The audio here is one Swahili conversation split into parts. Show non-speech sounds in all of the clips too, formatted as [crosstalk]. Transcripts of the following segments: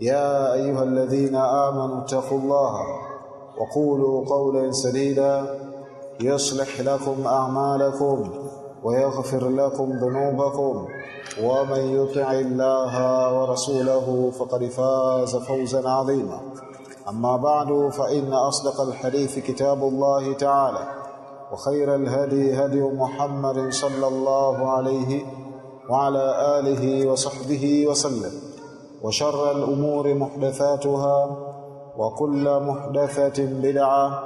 يا أيها الذين آمنوا اتقوا الله وقولوا قولا سديدا يصلح لكم أعمالكم ويغفر لكم ذنوبكم ومن يطع الله ورسوله فقد فاز فوزا عظيما أما بعد فإن أصدق الحديث كتاب الله تعالى وخير الهدي هدي محمد صلى الله عليه وعلى آله وصحبه وسلم وشر الأمور محدثاتها وكل محدثة بدعة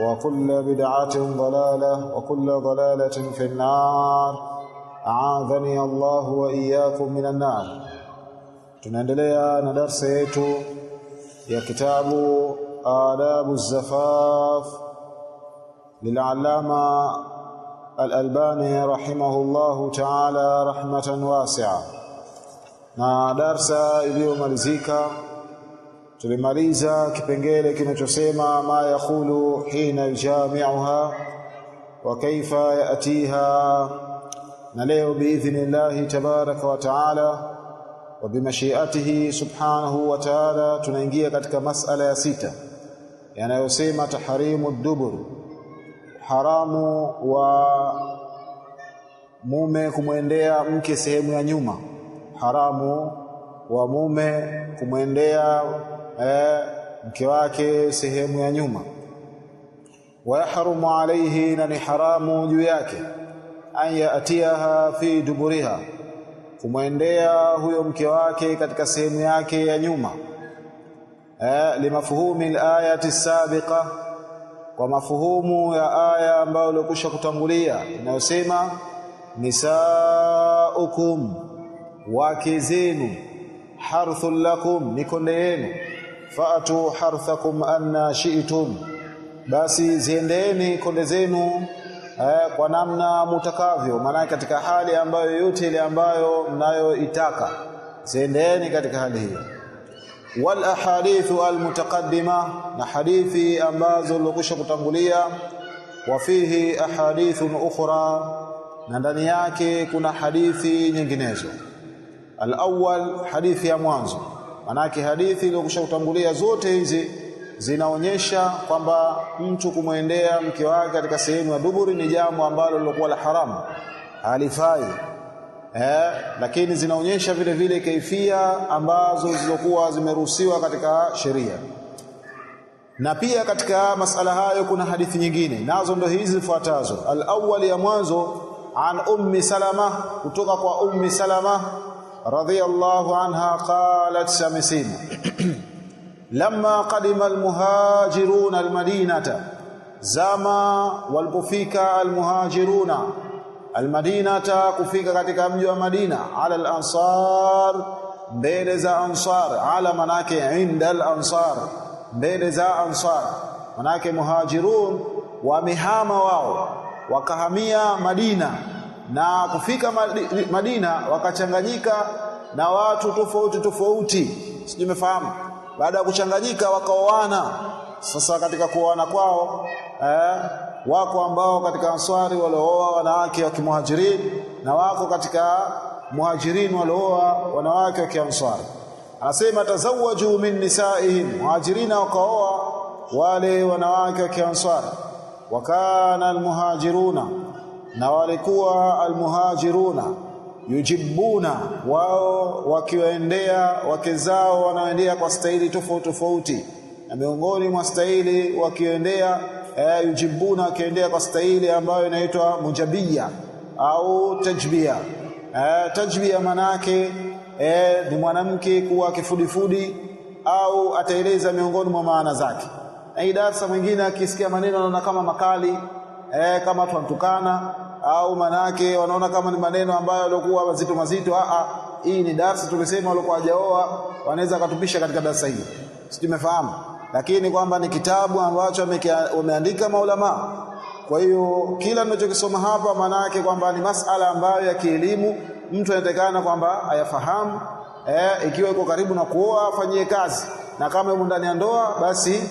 وكل بدعة ضلالة وكل ضلالة في النار أعاذني الله وإياكم من النار تنندليا أنا درسيت يا كتاب آداب الزفاف للعلامة الألباني رحمه الله تعالى رحمة واسعة na darsa iliyomalizika tulimaliza kipengele kinachosema ma yaqulu hina yujami'uha wa kaifa yatiha na leo biidhnillahi tabaraka wa taala wa bimashiatihi subhanahu wa taala tunaingia katika masala ya sita yanayosema taharimu dubur haramu wa mume kumwendea mke sehemu ya nyuma haramu wa mume kumwendea eh, mke wake sehemu ya nyuma wa yahrumu alayhi, na ni haramu juu yake an yaatiaha fi duburiha, kumwendea huyo mke wake katika sehemu yake ya nyuma eh, limafuhumi alayati sabiqa, kwa mafuhumu ya aya ambayo ilikwisha kutangulia inayosema nisaukum wake zenu harthun lakum mikonde yenu faatu harthakum anna shi'tum basi ziendeeni konde zenu eh, kwa namna mutakavyo maana katika hali ambayo yote ile ambayo mnayoitaka ziendeeni katika hali hiyo wal ahadithu al mutaqaddima na hadithi ambazo zilikwisha kutangulia wa fihi ahadithun ukhra na ndani yake kuna hadithi nyinginezo Al-awwal hadithi ya mwanzo, manake hadithi iliyokusha kutangulia zote hizi zinaonyesha kwamba mtu kumwendea mke wake katika sehemu ya duburi ni jambo ambalo lilokuwa la haramu, halifai eh, lakini zinaonyesha vile vile kaifia ambazo zilizokuwa zimeruhusiwa katika sheria. Na pia katika masala hayo kuna hadithi nyingine nazo ndo hizi zifuatazo. Al-awwal ya mwanzo, an ummi Salama, kutoka kwa ummi Salama رضي الله عنها قالت سمسين لما قدم المهاجرون المدينة زما والبفيكا المهاجرون المدينة كفيكا katika mji wa Madina ala al mbele za ansar ala manake inda al mbele za ansar manake muhajirun wamehama wao wakahamia Madina na kufika Madina wakachanganyika na watu tofauti tofauti, sijui Baada ya kuchanganyika wakaoana. Sasa katika kuoana kwao eh, wako ambao katika Answari waliooa wanawake wa Kimuhajirin na wako katika Muhajirin waliooa wanawake wa Kianswari. Anasema tazawaju min nisaihim, Muhajirina wakaoa wale wanawake wa Kianswari. Wakana almuhajiruna na walikuwa almuhajiruna yujibuna wao wakiwaendea wake zao wanaoendea kwa staili tofauti tofauti na miongoni mwa staili wakiendea eh, yujibuna wakiendea kwa staili ambayo inaitwa mujabia au tajbia eh, tajbia manake eh, ni mwanamke kuwa kifudifudi au ataeleza miongoni mwa maana zake na hii darsa mwingine akisikia maneno anaona kama makali eh, kama tunamtukana au manake wanaona kama ni maneno ambayo yaliokuwa mazito mazito. A, hii ni darsa tumesema, walikuwa hajaoa wanaweza katupisha katika darsa hii, si tumefahamu? Lakini kwamba ni kitabu ambacho wameandika maulama. Kwa hiyo kila ninachokisoma hapa, manake kwamba ni masala ambayo ya kielimu mtu anatakana kwamba ayafahamu. Eh, ikiwa iko karibu na kuoa afanyie kazi, na kama yuko ndani ya ndoa, basi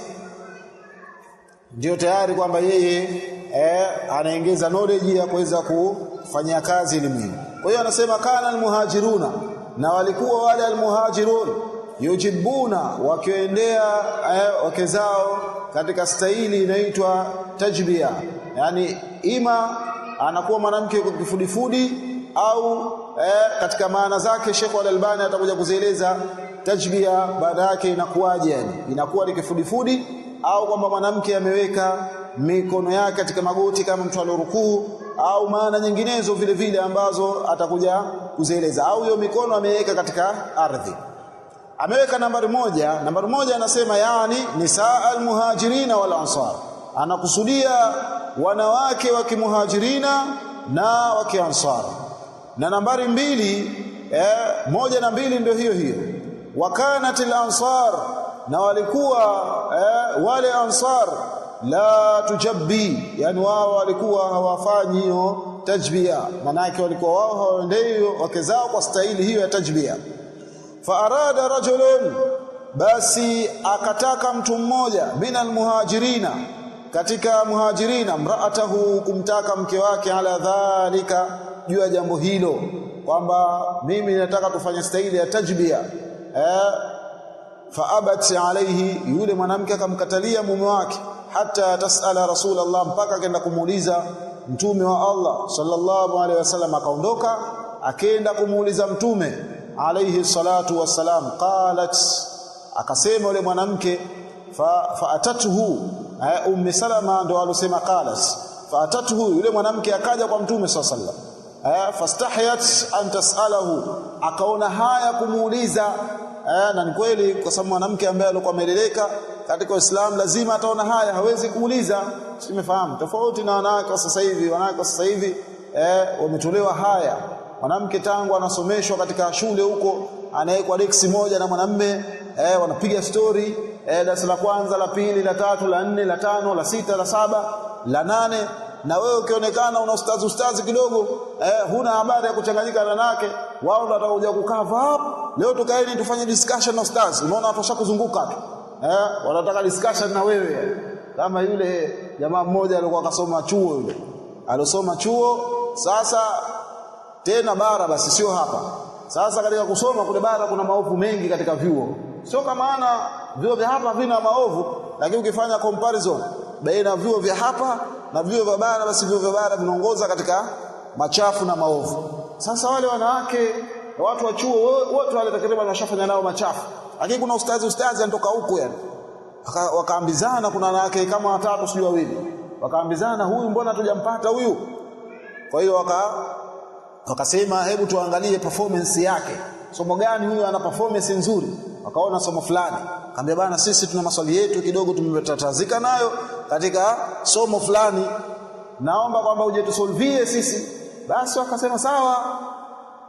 ndio tayari kwamba yeye eh, anaongeza knowledge ya kuweza kufanyia kazi elimu Kwa hiyo anasema kana almuhajiruna, na walikuwa wale almuhajirun yujibuna, wakiendea eh, wake zao katika staili inaitwa tajbia, yani ima anakuwa mwanamke kifudifudi au eh, katika maana zake Sheikh Al-Albani atakuja kuzieleza tajbia, baada yake inakuwaje, yani inakuwa ni kifudifudi au kwamba mwanamke ameweka mikono yake katika magoti kama mtu alorukuu au maana nyinginezo vile vile ambazo atakuja kuzieleza, au hiyo mikono ameweka katika ardhi. Ameweka nambari moja. Nambari moja anasema yani nisaa almuhajirina wal ansar, anakusudia wanawake wa kimuhajirina na wa kiansar. Na nambari mbili eh, moja na mbili ndio hiyo hiyo, wakanat ansar, na walikuwa eh, wale ansar la tujabbi, yani wao walikuwa hawafanyi hiyo tajbia, manake walikuwa wao hawaendei wake zao kwa staili hiyo ya tajbia. Fa arada rajulun, basi akataka mtu mmoja mina almuhajirina, katika muhajirina, mraatahu, kumtaka mke wake, ala dhalika, juu ya jambo hilo kwamba mimi nataka tufanye staili ya tajbia eh, faabat alaihi, yule mwanamke akamkatalia mume wake hata tasala rasulullah mpaka akaenda kumuuliza mtume wa Allah sallallahu alaihi wasallam akaondoka akaenda kumuuliza mtume alaihi salatu wassalam qalat akasema yule mwanamke fa, fa um salama ndo alosema qalat fa yule mwanamke akaja kwa mtume sallallahu eh, fastahiyat an tasalahu akaona haya kumuuliza eh, na ni kweli kwa sababu mwanamke ambaye alikuwa ameleleka katika Uislamu lazima ataona haya, hawezi kuuliza. Simefahamu tofauti na wanawake wa sasa hivi. Wanawake wa sasa hivi eh, wametolewa haya. Mwanamke tangu anasomeshwa katika shule huko, anawekwa deksi moja na mwanamme eh, wanapiga stori eh, darasa la kwanza, la pili, la tatu, la nne, la tano, la sita, la saba, la nane na wewe ukionekana una ustazi ustazi kidogo eh, huna habari ya kuchanganyika na nake, wao ndio watakuja kukaa hapo. Leo tukaeni tufanye discussion na ustazi, unaona watu washakuzunguka tu eh, wanataka discussion na wewe kama yule jamaa mmoja alikuwa akasoma chuo yule alisoma chuo sasa tena bara basi sio hapa sasa katika kusoma kule bara kuna maovu mengi katika vyuo sio kama ana vyuo vya hapa vina maovu lakini ukifanya comparison baina vyuo vya hapa na vyuo vya bara basi vyuo vya bara vinaongoza katika machafu na maovu sasa wale wanawake watu wa chuo wote wale takriban washafanya nao machafu lakini kuna ustazi ustazi anatoka huku yani wakaambizana kuna wanawake kama watatu sio wawili wakaambizana huyu mbona hatujampata huyu kwa hiyo waka wakasema hebu tuangalie performance yake somo gani huyu ana performance nzuri wakaona somo fulani kaambia bana sisi tuna maswali yetu kidogo tumetatazika nayo katika somo fulani naomba kwamba uje tusolvie sisi basi wakasema sawa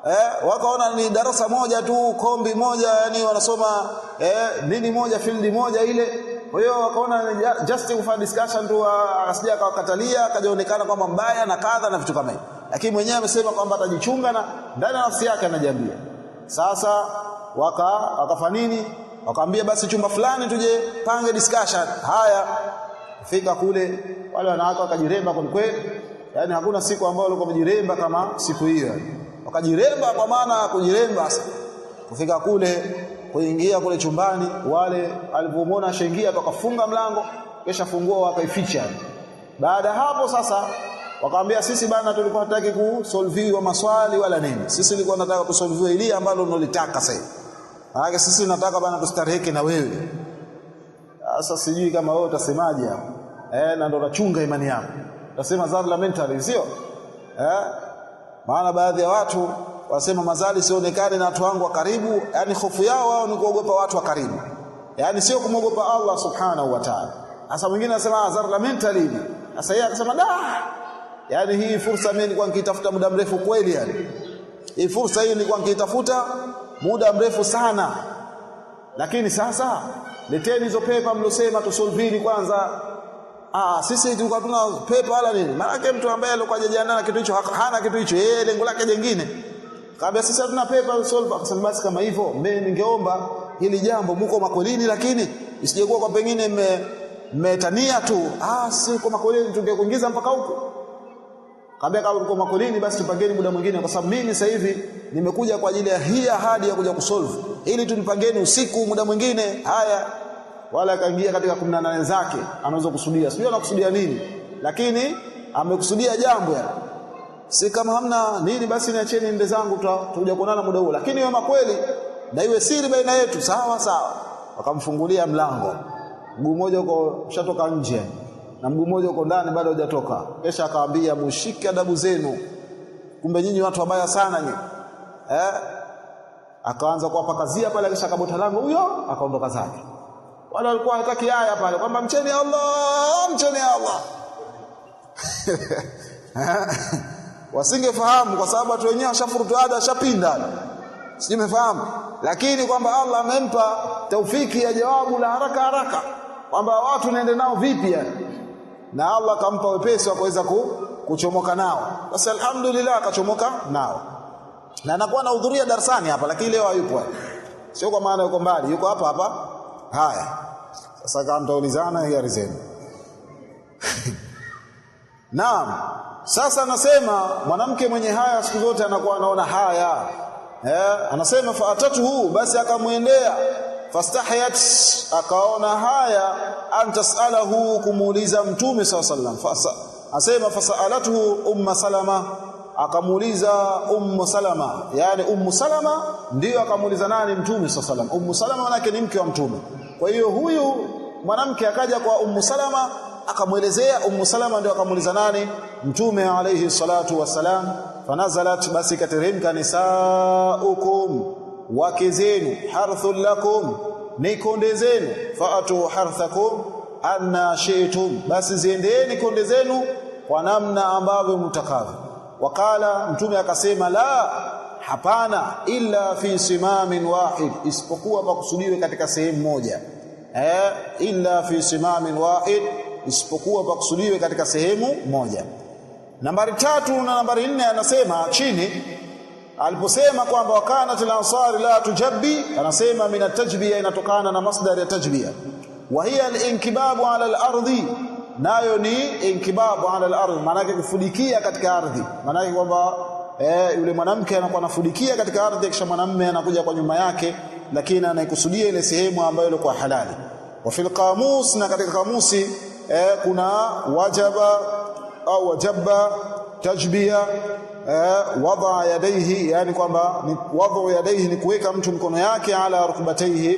eh, wakaona ni darasa moja tu kombi moja yani wanasoma eh, nini moja field moja ile kwa hiyo wakaona just for discussion tu akasija ah, akawakatalia akajaonekana kwamba mbaya na kadha na vitu kama hivyo lakini mwenyewe amesema kwamba atajichunga na ndani ya nafsi yake anajiambia sasa waka wakafa nini wakaambia basi chumba fulani tuje pange discussion haya fika kule wale wanawake wakajiremba kwa kweli yani hakuna siku ambayo walikuwa wamejiremba kama siku hiyo wakajiremba kwa maana kujiremba sasa kufika kule kuingia kule chumbani wale alipomona shaingia akafunga mlango kisha funguo wakaificha baada hapo sasa wakamwambia sisi bana tulikuwa tunataka kusolviwa maswali wala nini sisi tulikuwa tunataka kusolviwa ili ambalo unalitaka sasa maana sisi tunataka bana tustareheke na wewe sasa sijui kama wewe utasemaje eh na ndo unachunga imani yako utasema lamentary sio eh maana baadhi ya watu wasema mazali sionekane na watu wangu wa karibu, yani hofu yao wao ni kuogopa watu wa karibu, yani sio kumwogopa Allah subhanahu wa ta'ala. Sasa mwingine anasema azar la sasa yeye akasema da, yani hii fursa mimi nilikuwa nikitafuta muda mrefu kweli, yani hii fursa hii nilikuwa nikitafuta muda mrefu sana, lakini sasa leteni hizo pepa mlosema tusolvini kwanza ah, sisi tulikuwa tuna pepo wala nini. Maana yake mtu ambaye alikuwa hajajiandaa na kitu hicho hana kitu hicho, yeye lengo lake jingine. Kaambia sisi hatuna pepo solve. kwa sababu basi kama hivyo, mimi ningeomba hili jambo, mko makolini, lakini isije kwa pengine mmetania tu. Ah, si kwa makolini, tungekuingiza mpaka huko. Kaambia kama uko makolini, basi tupangeni muda mwingine, kwa sababu mimi sasa hivi nimekuja kwa ajili ya hii ahadi ya kuja kusolve, ili tunipangeni usiku muda mwingine. Haya, wala akaingia katika 18 zake, anaweza kusudia, sio anakusudia nini, lakini amekusudia jambo ya si kama hamna nini, basi niacheni nde zangu, tutakuja kuonana muda huo, lakini wema kweli na iwe siri baina yetu, sawa sawa. Wakamfungulia mlango, mguu mmoja uko ushatoka nje na mguu mmoja uko ndani bado hujatoka. kesha akawaambia mushike adabu zenu, kumbe nyinyi watu wabaya sana nyinyi eh. Akaanza kuwapakazia pale, kisha akabota lango huyo, akaondoka zake wala walikuwa hataki aya pale kwamba mcheni Allah mcheni Allah [laughs] wasingefahamu kwa sababu watu wenyewe washafurutu ada washapinda sijui lakini kwamba Allah amempa taufiki ya jawabu la haraka haraka kwamba watu naende nao vipi yani na Allah akampa wepesi wa kuweza kuchomoka nao basi alhamdulillah akachomoka nao na anakuwa anahudhuria darasani hapa lakini leo hayupo sio kwa maana yuko mbali yuko hapa hapa Haya, sasa kama mtaulizana, hiari zenu. [laughs] Naam, sasa anasema mwanamke mwenye haya siku zote anakuwa anaona haya eh, anasema huu basi akamwendea fastahiyat akaona haya antasalahu kumuuliza mtume saa fasa anasema fasalatu umma salama akamuuliza Ummu Salama yani Ummu Salama ndiyo akamuuliza nani mtume sallallahu alayhi wasallam Ummu Salama manake ni mke wa mtume kwa hiyo huyu mwanamke akaja kwa Ummu Salama akamwelezea Ummu Salama ndio akamuuliza nani mtume alayhi salatu wasalam fanazalat basi kateremka nisaukum wake zenu harthul lakum ni konde zenu faatu harthakum anna shi'tum basi ziendeeni konde zenu kwa namna ambavyo mtakavyo wakala mtume akasema la hapana illa fi simamin wahid isipokuwa pakusudiwe katika sehemu moja eh illa fi simamin wahid isipokuwa pakusudiwe katika sehemu moja nambari tatu na nambari nne anasema chini aliposema kwamba wakanat al-ansari la tujabbi anasema min tajbiya inatokana na masdar ya tajbia wa hiya al-inkibabu ala al-ardi nayo ni inkibabu ala al-ardh, maana yake kufudikia katika ardhi, maana yake kwamba eh, yule mwanamke anakuwa anafudikia katika ardhi, kisha mwanamume anakuja kwa nyuma yake, lakini anaikusudia ile sehemu ambayo ilikuwa halali. Wa fil qamus, na katika kamusi eh, kuna wajaba au wajaba tajbia eh, wada yadaihi, yani kwamba wadhu yadaihi ni kuweka mtu mikono yake ala rukbataihi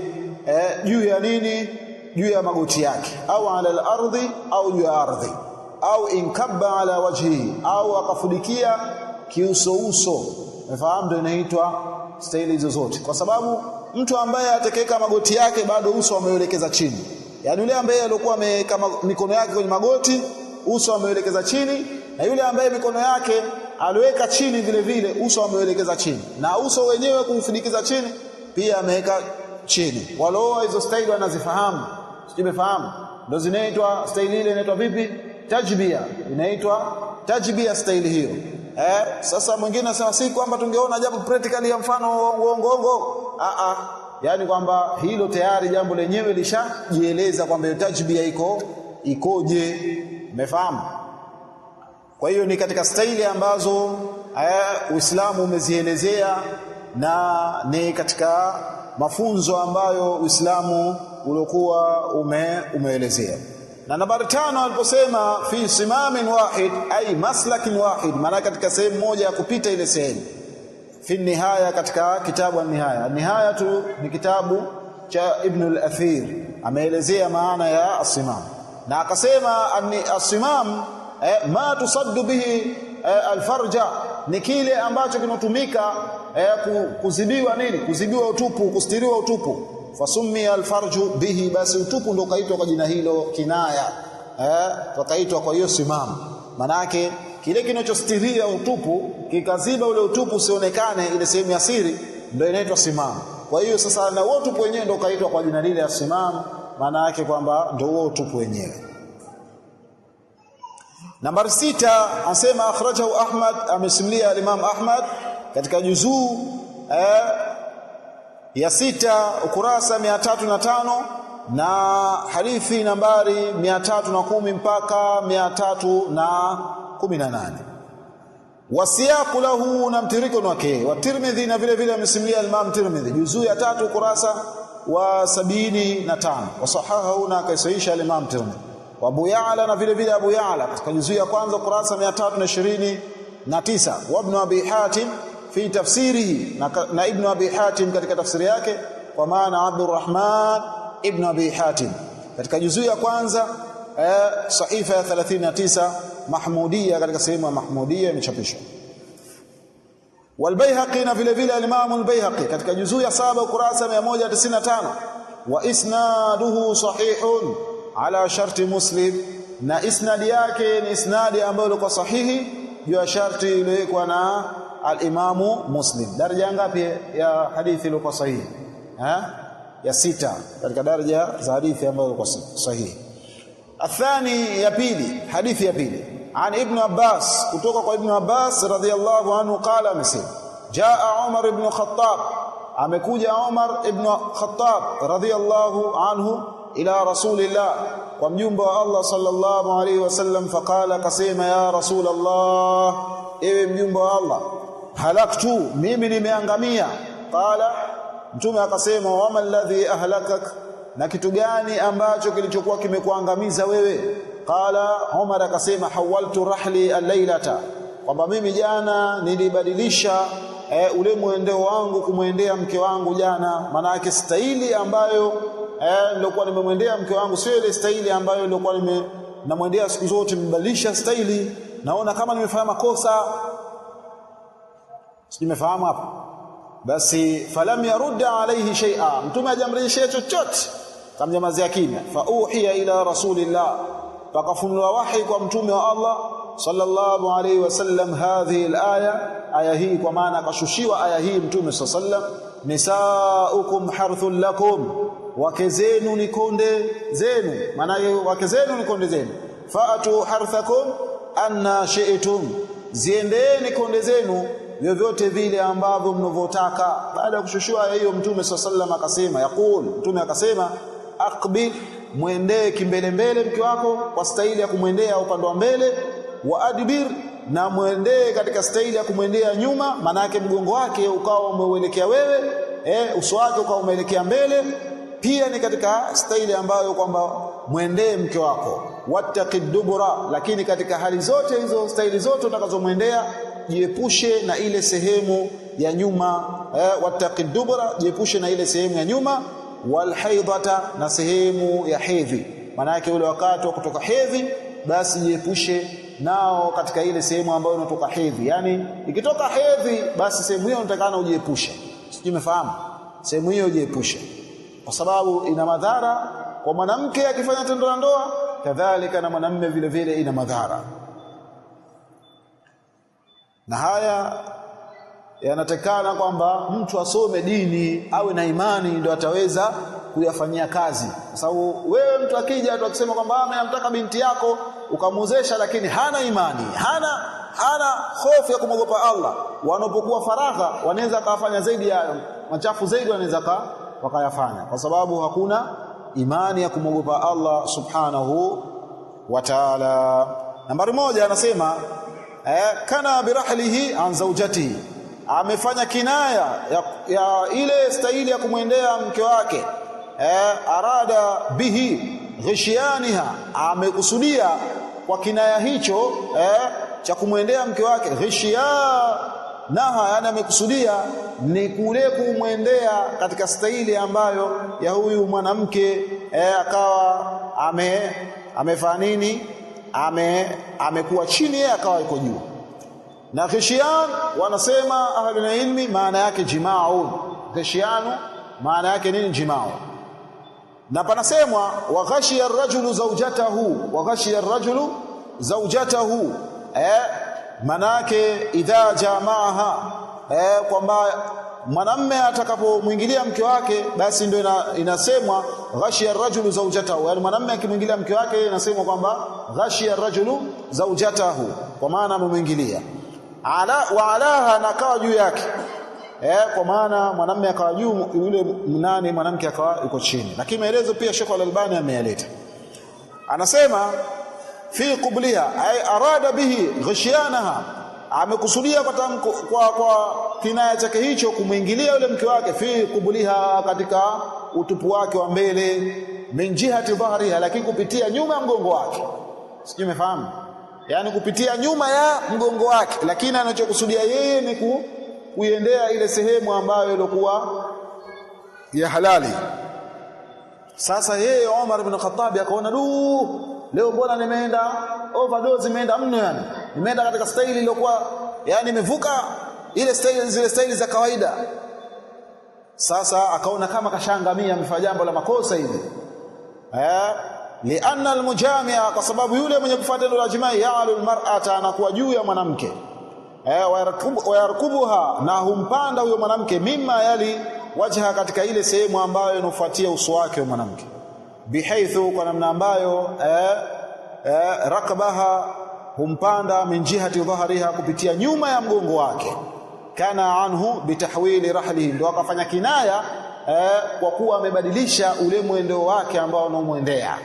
eh, juu ya nini juu ya magoti yake au ala al-ardhi au juu ya ardhi au inkaba ala wajhihi au akafudikia kiusouso unafahamu ndio inaitwa staili hizo zote kwa sababu mtu ambaye atakeka magoti yake bado uso ameuelekeza chini yani yule ambaye alikuwa ameweka mikono yake kwenye magoti uso ameuelekeza chini na yule ambaye mikono yake aliweka chini vile vile uso ameuelekeza chini na uso wenyewe kumfunikiza chini pia ameweka chini walio hizo staili wanazifahamu simefahamu ndo zinaitwa staili ile inaitwa vipi tajbia inaitwa tajbia staili hiyo eh sasa mwingine anasema si kwamba tungeona jambo practically ya mfano uongoongo Ah ah. yani kwamba hilo tayari jambo lenyewe lishajieleza kwamba tajbia iko ikoje umefahamu kwa hiyo ni katika staili ambazo eh, Uislamu umezielezea na ni katika mafunzo ambayo Uislamu uliokuwa ume, umeelezea na nambari tano aliposema fi simamin wahid ai maslakin wahid, maana katika sehemu moja ya kupita ile sehemu. Fi nihaya, katika kitabu nihaya, nihaya tu ni kitabu cha Ibn al-Athir, ameelezea maana ya asimam na akasema asimam eh, ma tusaddu bihi eh, alfarja ni kile ambacho kinatumika eh, kuzibiwa nini, kuzibiwa utupu, kustiriwa utupu fasummiya alfarju bihi, basi utupu ndo ukaitwa kwa jina hilo kinaya, eh, ukaitwa kwa hiyo simamu. Manake kile kinachostiria utupu kikaziba ule utupu usionekane, ile sehemu ya siri ndio inaitwa simamu. Kwa hiyo sasa, na utupu wenyewe ndo ukaitwa kwa jina lile ya simamu, maana yake kwamba ndio huo utupu wenyewe. Nambari sita anasema akhrajahu Ahmad, amesimulia Imam Ahmad katika juzuu eh, ya sita ukurasa mia tatu na tano na hadithi nambari mia tatu na kumi mpaka mia tatu na kumi na nane wasiyaku lahu na mtiriko wake wa Tirmidhi na vile vile amesimulia Imam Tirmidhi juzuu ya tatu ukurasa wa sabini na tano wasahahahu na akaisahisha Imam Tirmidhi wa Abu Ya'la na vile vile Abu Ya'la katika juzuu ya kwanza ukurasa mia tatu na ishirini na tisa wa Ibn Abi Hatim fi tafsirihi na, na Ibn Abi Hatim katika tafsiri yake kwa maana Abdurrahman Ibn Abi Hatim katika juzuu ya kwanza eh, sahifa ya 39 Mahmudia katika sehemu ya Mahmudia imechapishwa. Walbayhaqi na vile vile al-Imam katika juzuu ya saba ukurasa 195 wa isnaduhu sahihun ala sharti Muslim na isnadi yake ni isnadi ambayo ilikuwa sahihi juu ya sharti iliyowekwa na al-Imamu Muslim daraja ngapi ya hadithi iliyokuwa sahihi ha ya sita katika daraja za hadithi ambazo kwa sahihi athani ya pili hadithi ya pili an ibn Abbas kutoka kwa ibn Abbas radhiyallahu anhu qala amesema jaa Umar ibn Khattab amekuja Umar ibn Khattab radhiyallahu anhu ila rasulillah kwa mjumbe wa Allah sallallahu alayhi wasallam faqala kasema ya rasulullah ewe mjumbe wa Allah halaktu mimi nimeangamia qala mtume akasema wama alladhi ahlakak na kitu gani ambacho kilichokuwa kimekuangamiza wewe qala Umar akasema hawaltu rahli alailata kwamba mimi jana nilibadilisha e, ule mwendeo wangu kumwendea mke wangu jana maanake staili ambayo e, nilikuwa nimemwendea mke wangu sio ile staili ambayo nilikuwa nime namwendea siku zote nimebadilisha staili naona kama nimefanya makosa simefahamu hapa basi falam yarudda alayhi shay'a mtume hajamrejeshea chochote kamnyamazia kimya fa uhiya ila rasulillah pakafunua wahi kwa mtume wa Allah sallallahu alayhi wasallam hadhihi alaya aya hii kwa maana akashushiwa aya hii mtume sallam nisaukum harthun lakum wake zenu ni konde zenu maana wake zenu ni konde zenu faatu harthakum anna shi'tum ziendeeni konde zenu vyovyote vile ambavyo mnavyotaka. Baada ya kushushua hiyo, Mtume swalla sallam akasema, yaqul, Mtume akasema, aqbil, mwendee kimbelembele mke wako kwa staili ya kumwendea upande wa mbele, wa adbir, na mwendee katika staili ya kumwendea nyuma, manake mgongo wake ukawa umeuelekea wewe, eh, uso wake ukawa umeelekea mbele. Pia ni katika staili ambayo kwamba mwendee mke wako wattaqid dubura, lakini katika hali zote hizo staili zote utakazomwendea jiepushe na ile sehemu ya nyuma eh, wattaqi dubra, jiepushe na ile sehemu ya nyuma, walhaidhata, na sehemu ya hedhi. Maana yake ule wakati wa kutoka hedhi, basi jiepushe nao katika ile sehemu ambayo inatoka hedhi. Yani ikitoka hedhi, basi sehemu hiyo unatakana ujiepushe. Sijui umefahamu? Sehemu hiyo ujiepushe, kwa sababu ina madhara kwa mwanamke akifanya tendo la ndoa, kadhalika na mwanamume vile vile ina madhara na haya yanatekana kwamba mtu asome dini awe na imani ndio ataweza kuyafanyia kazi kwa sababu wewe mtu akija tu akisema kwamba anamtaka ah, binti yako ukamwozesha lakini hana imani hana hana hofu ya kumwogopa Allah wanapokuwa faragha wanaweza kafanya zaidi ya machafu zaidi wanaweza wakayafanya kwa sababu hakuna imani ya kumwogopa Allah subhanahu wa ta'ala nambari moja anasema eh, kana birahlihi an zaujatihi amefanya kinaya ya, ya ile staili ya kumwendea mke wake eh, arada bihi ghishyaniha amekusudia kwa kinaya hicho eh, cha kumwendea mke wake naha yani amekusudia ni kule kumwendea katika staili ambayo ya huyu mwanamke eh, akawa ame amefanya nini ame amekuwa chini yeye akawa yuko juu na khishyan wanasema ahlul ilmi maana yake jimaun ghishianu maana yake nini jimao na panasemwa wa ghashiya rajulu zawjatahu wa ghashiya rajulu zawjatahu eh manake idha jamaaha eh kwamba mwanamme atakapomwingilia mke wake basi ndio ina, inasemwa ghashia rajulu zaujatahu yani mwanamme akimwingilia mke wake inasemwa kwamba ghashia rajulu zaujatahu kwa maana amemwingilia ala wa alaha na juu yake eh, kwa maana mwanamme akawa juu yule mnane mwanamke akawa yuko chini lakini maelezo pia Sheikh Al-Albani ameyaleta anasema fi qubliha ay arada bihi ghashiyanaha amekusudia kwa, kwa kwa kinaya chake hicho kumwingilia yule mke wake fi kubuliha, katika utupu wake wa mbele, min jihati dhahriha, lakini kupitia nyuma ya mgongo wake. Sijui umefahamu? yani kupitia nyuma ya mgongo wake, lakini anachokusudia yeye ni ku, kuiendea ile sehemu ambayo ilikuwa ya halali. Sasa yeye Omar ibn Khattab akaona du, leo mbona nimeenda overdose, nimeenda mno, yani nimeenda katika staili iliyokuwa yani imevuka ile staili zile staili za kawaida sasa akaona kama kashangamia amefanya jambo la makosa hivi eh lianna almujamia kwa sababu yule mwenye kufuata ndo jamaa yaalu almar'ata anakuwa juu ya mwanamke eh wayarkubuha na humpanda huyo mwanamke mima yali wajha katika ile sehemu ambayo inofuatia uso wake wa mwanamke bihaithu kwa namna ambayo eh, eh, rakbaha humpanda min jihati dhahriha kupitia nyuma ya mgongo wake kana anhu bitahwili rahlihi, ndio akafanya kinaya eh, kwa kuwa amebadilisha ule mwendo wake ambao anaomwendea.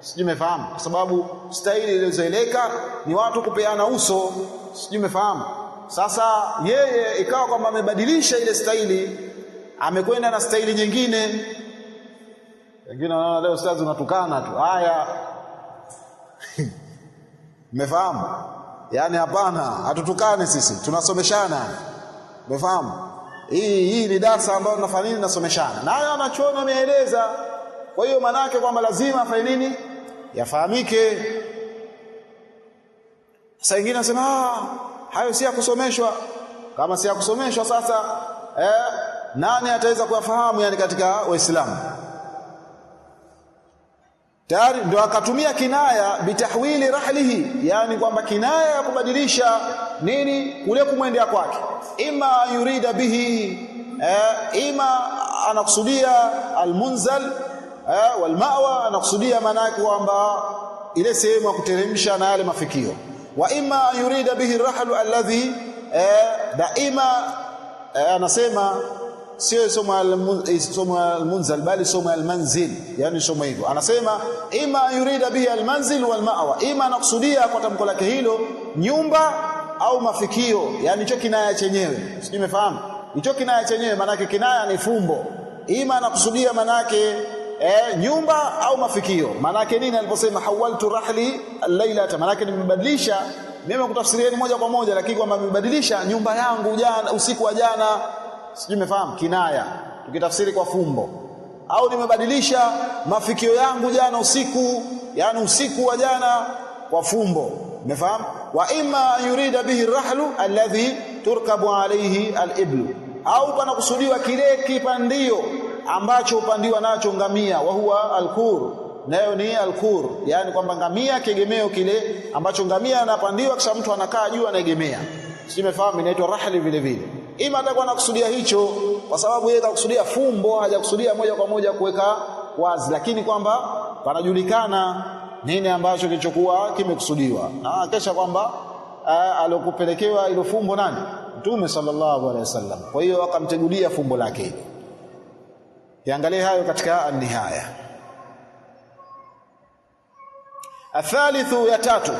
Sijui umefahamu, kwa sababu staili iliyozoeleka ni watu kupeana uso. Sijui umefahamu. Sasa yeye ikawa kwamba amebadilisha ile staili, amekwenda na staili nyingine. Wengine wanaona leo ustazi unatukana tu, haya mmefahamu? [laughs] yaani hapana, hatutukane sisi, tunasomeshana. Umefahamu? Hii hii ni darasa ambayo tunafanya nini, na nayo. Anachoona ameeleza, kwa hiyo yake kwamba lazima afanye nini, yafahamike. Sasa wengine anasema ah, hayo si ya kusomeshwa. Kama si ya kusomeshwa, sasa eh, nani ataweza kuyafahamu yani katika Waislamu? tayari ndio akatumia kinaya bitahwili rahlihi yani kwamba kinaya ya kubadilisha nini kule kumwendea kwake ima yurida bihi eh, ima anakusudia almunzal eh, walmawa anakusudia maana yake kwamba ile sehemu ya kuteremsha na yale mafikio wa ima yurida bihi rahlu alladhi eh, daima eh, anasema sio somo almunzal eh, bali somo almanzil, yani somo hivyo. Anasema ima yurida bihi almanzil walmawa ima anakusudia kwa tamko lake hilo nyumba au mafikio, yani hicho kinaya chenyewe. Sijui umefahamu hicho kinaya chenyewe, maanake kinaya ni fumbo. Ima anakusudia maanake eh, nyumba au mafikio. Maanake nini aliposema hawaltu rahli lailata, maanake nimebadilisha mimi kutafsirieni moja kwa moja, lakini kwamba nimebadilisha nyumba yangu jana, usiku wa jana sijui mmefahamu kinaya tukitafsiri kwa fumbo au nimebadilisha mafikio yangu jana usiku yani usiku wa jana kwa fumbo mmefahamu wa imma yurida bihi rahlu alladhi turkabu alayhi aliblu au panakusudiwa kile kipandio ambacho upandiwa nacho ngamia wa huwa alkur nayo ni alkur yani kwamba ngamia kegemeo kile ambacho ngamia anapandiwa kisha mtu anakaa juu anaegemea sijui mefahamu inaitwa rahli vile vile ima atakuwa anakusudia hicho kwa sababu yeye kakusudia fumbo hajakusudia moja kwa moja kuweka wazi lakini kwamba panajulikana nini ambacho kilichokuwa kimekusudiwa na kesha kwamba eh, alokupelekewa ilo fumbo nani mtume sallallahu alaihi wasallam kwa hiyo akamtegulia fumbo lake hili yaangalie hayo katika nihaya athalithu ya tatu